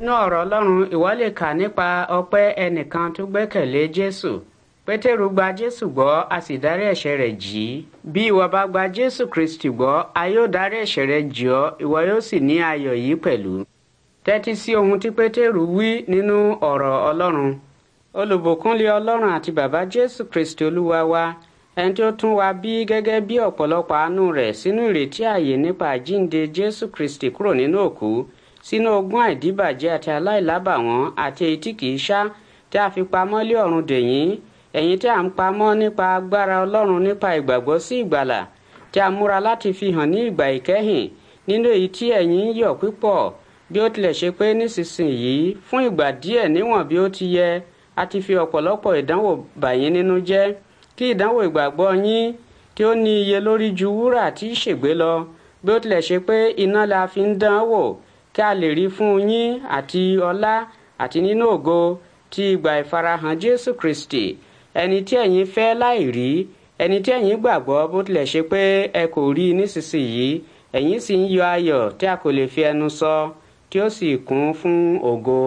nínú ọ̀rọ̀ ọlọ́run ìwọ lè kà nípa ọpẹ́ ẹnìkan tó gbẹ́kẹ̀lé jésù pétérù gba jésù gbọ́ a sì dárí ẹ̀ṣẹ̀ rẹ̀ jì í bí ìwọ bá gba jésù kristi gbọ́ a yóò dárí ẹ̀ṣẹ̀ rẹ̀ jì ọ́ ìwọ yóò sì ní ayọ̀ yìí pẹ̀lú tẹ́tí sí ohun tí pétérù wí nínú ọ̀rọ̀ ọlọ́run olùbùkúnlé ọlọ́run àti bàbá jésù kristi olúwa wa ẹni tí ó tún wa bí gẹ́gẹ́ bí ọ̀pọ̀lọpọ̀ àánú rẹ̀ sínú ìrètí ààyè nípa àjíǹde jésù kristi kúrò nínú òkú sínú ogún àìdíbàjẹ́ àti aláìlábàwọ́n àti èyí tí kìí ṣá tí a fi pamọ́ lé ọ̀run dèyìn ẹ̀yin tí a ń pamọ́ nípa agbára ọlọ́run nípa ìgbàgbọ́ sí ìgbàlà tí a múra láti fi hàn ní ìgbà ìkẹyìn nínú èyí tí ẹ̀yin ń yọ̀ pípọ̀ bí ó tilẹ̀ ṣe pé nísinsìnyí fún ìgbà díẹ̀ níwọ̀n bí ó ti yẹ a ti fi ọ̀pọ̀lọpọ̀ ìdánwò bà nínú jẹ́ kí ìdánwò ìgbàgbọ́ yín tí ó ní iye lórí ju wúrà tí í lọ bí ó tilẹ̀ ṣe pé iná la fi ń dán kí a lè rí fún yín àti ọlá àti nínú ògo ti ìgbà ìfarahàn Jésù Kristi ẹni tí ẹ̀yin fẹ́ láì rí ẹni tí ẹ̀yin gbàgbọ́ bó tilẹ̀ ṣe pé ẹ kò rí i nísinsìnyí ẹ̀yin sì ń yọ ayọ̀ tí a kò lè fi ẹnu sọ tí ó sì kún fún ògo.